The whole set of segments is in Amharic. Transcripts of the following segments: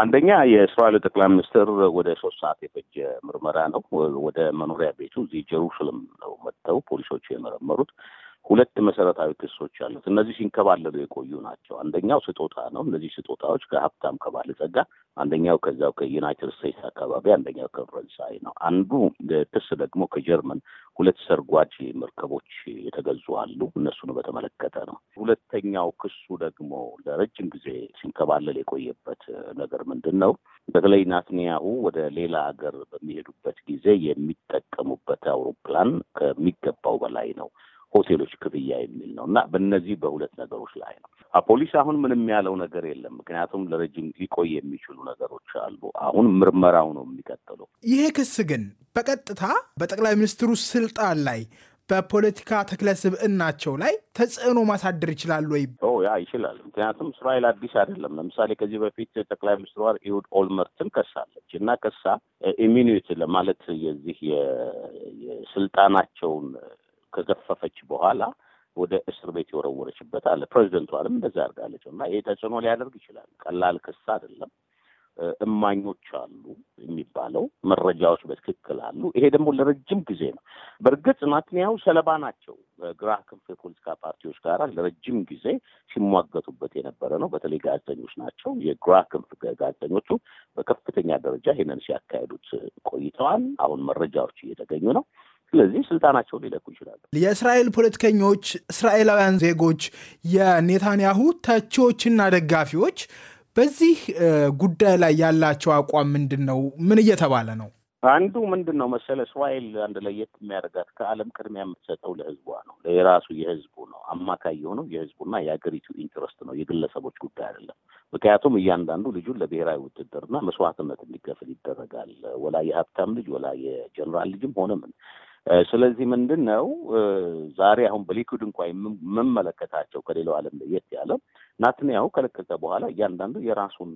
አንደኛ የእስራኤል ጠቅላይ ሚኒስትር ወደ ሶስት ሰዓት የፈጀ ምርመራ ነው። ወደ መኖሪያ ቤቱ እዚህ ጀሩሳሌም ነው መጥተው ፖሊሶቹ የመረመሩት። ሁለት መሰረታዊ ክሶች አሉት። እነዚህ ሲንከባለሉ የቆዩ ናቸው። አንደኛው ስጦታ ነው። እነዚህ ስጦታዎች ከሀብታም ከባለጸጋ፣ አንደኛው ከዛው ከዩናይትድ ስቴትስ አካባቢ፣ አንደኛው ከፈረንሳይ ነው። አንዱ ክስ ደግሞ ከጀርመን ሁለት ሰርጓጅ መርከቦች የተገዙ አሉ። እነሱን በተመለከተ ነው። ሁለተኛው ክሱ ደግሞ ለረጅም ጊዜ ሲንከባለል የቆየበት ነገር ምንድን ነው? በተለይ ናትንያሁ ወደ ሌላ ሀገር በሚሄዱበት ጊዜ የሚጠቀሙበት አውሮፕላን ከሚገባው በላይ ነው ሆቴሎች ክፍያ የሚል ነው እና በእነዚህ በሁለት ነገሮች ላይ ነው። ፖሊስ አሁን ምንም ያለው ነገር የለም። ምክንያቱም ለረጅም ሊቆይ የሚችሉ ነገሮች አሉ። አሁን ምርመራው ነው የሚቀጥለው። ይሄ ክስ ግን በቀጥታ በጠቅላይ ሚኒስትሩ ስልጣን ላይ በፖለቲካ ተክለ ስብዕናቸው ላይ ተጽዕኖ ማሳደር ይችላል ወይ? ያ ይችላል። ምክንያቱም እስራኤል አዲስ አይደለም። ለምሳሌ ከዚህ በፊት ጠቅላይ ሚኒስትሯ ኢሁድ ኦልመርትን ከሳለች እና ከሳ ኢሚኒት ለማለት የዚህ የስልጣናቸውን ከገፈፈች በኋላ ወደ እስር ቤት የወረወረችበት አለ። ፕሬዚደንቷንም እንደዛ አድርጋለች እና ይህ ተጽዕኖ ሊያደርግ ይችላል። ቀላል ክስ አይደለም። እማኞች አሉ የሚባለው መረጃዎች በትክክል አሉ። ይሄ ደግሞ ለረጅም ጊዜ ነው። በእርግጥ ናትንያሁ ሰለባ ናቸው። በግራ ክንፍ የፖለቲካ ፓርቲዎች ጋር ለረጅም ጊዜ ሲሟገቱበት የነበረ ነው። በተለይ ጋዜጠኞች ናቸው። የግራ ክንፍ ጋዜጠኞቹ በከፍተኛ ደረጃ ይህንን ሲያካሄዱት ቆይተዋል። አሁን መረጃዎች እየተገኙ ነው። ስለዚህ ስልጣናቸውን ሊለቁ ይችላሉ። የእስራኤል ፖለቲከኞች፣ እስራኤላውያን ዜጎች፣ የኔታንያሁ ተቺዎችና ደጋፊዎች በዚህ ጉዳይ ላይ ያላቸው አቋም ምንድን ነው? ምን እየተባለ ነው? አንዱ ምንድን ነው መሰለ፣ እስራኤል አንድ ለየት የሚያደርጋት ከዓለም ቅድሚያ የምትሰጠው ለህዝቧ ነው። የራሱ የህዝቡ ነው። አማካይ የሆነው የህዝቡና የሀገሪቱ ኢንትረስት ነው፣ የግለሰቦች ጉዳይ አይደለም። ምክንያቱም እያንዳንዱ ልጁን ለብሔራዊ ውትድርና መስዋዕትነት እንዲከፍል ይደረጋል። ወላ የሀብታም ልጅ ወላ የጀኔራል ልጅም ሆነ ምን ስለዚህ ምንድን ነው ዛሬ አሁን በሊኩድ እንኳ የምመለከታቸው ከሌላው ዓለም ለየት ያለ ናትንያው ከለቀቀ በኋላ እያንዳንዱ የራሱን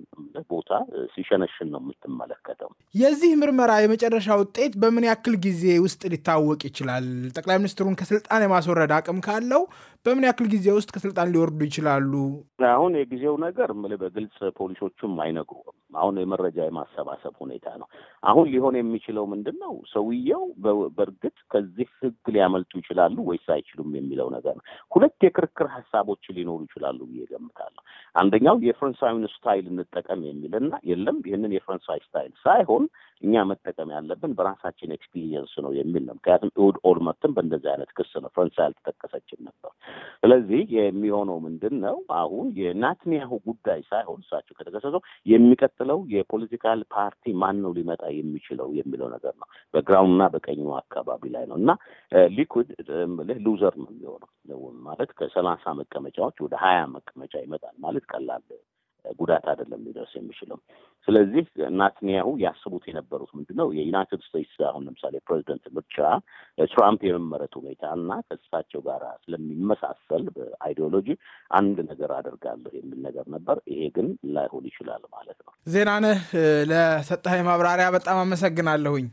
ቦታ ሲሸነሽን ነው የምትመለከተው። የዚህ ምርመራ የመጨረሻ ውጤት በምን ያክል ጊዜ ውስጥ ሊታወቅ ይችላል? ጠቅላይ ሚኒስትሩን ከስልጣን የማስወረድ አቅም ካለው በምን ያክል ጊዜ ውስጥ ከስልጣን ሊወርዱ ይችላሉ? አሁን የጊዜው ነገር በግልጽ ፖሊሶቹም አይነግሩም። አሁን የመረጃ የማሰባሰብ ሁኔታ ነው። አሁን ሊሆን የሚችለው ምንድን ነው? ሰውየው በእርግጥ ከዚህ ህግ ሊያመልጡ ይችላሉ ወይስ አይችሉም የሚለው ነገር ነው። ሁለት የክርክር ሀሳቦች ሊኖሩ ይችላሉ ብዬ ገምታለሁ። አንደኛው የፈረንሳዊን ስታይል እንጠቀም የሚልና የለም ይህንን የፈረንሳይ ስታይል ሳይሆን እኛ መጠቀም ያለብን በራሳችን ኤክስፒሪየንስ ነው የሚል ነው። ምክንያቱም እሑድ ኦልመርትም በእንደዚህ አይነት ክስ ነው ፈረንሳይ አልተጠቀሰችም ነበር። ስለዚህ የሚሆነው ምንድን ነው? አሁን የናትንያሁ ጉዳይ ሳይሆን እሳቸው ከተከሰሰው የሚቀጥለው የፖለቲካል ፓርቲ ማን ነው ሊመጣ የሚችለው የሚለው ነገር ነው። በግራውንድና በቀኙ አካባቢ ላይ ነው እና ሊኩድ ሉዘር ነው የሚሆነው ማለት ከሰላሳ መቀመጫዎች ወደ ሀያ መቀመጫ ይመጣል ማለት ቀላል ጉዳት አይደለም ሊደርስ የሚችለው። ስለዚህ ናትንያሁ ያስቡት የነበሩት ምንድን ነው? የዩናይትድ ስቴትስ አሁን ለምሳሌ ፕሬዚደንት ምርጫ ትራምፕ የመመረጥ ሁኔታ እና ከእሳቸው ጋር ስለሚመሳሰል በአይዲዮሎጂ አንድ ነገር አደርጋለሁ የሚል ነገር ነበር። ይሄ ግን ላይሆን ይችላል ማለት ነው። ዜናነህ ለሰጠኸኝ ማብራሪያ በጣም አመሰግናለሁኝ።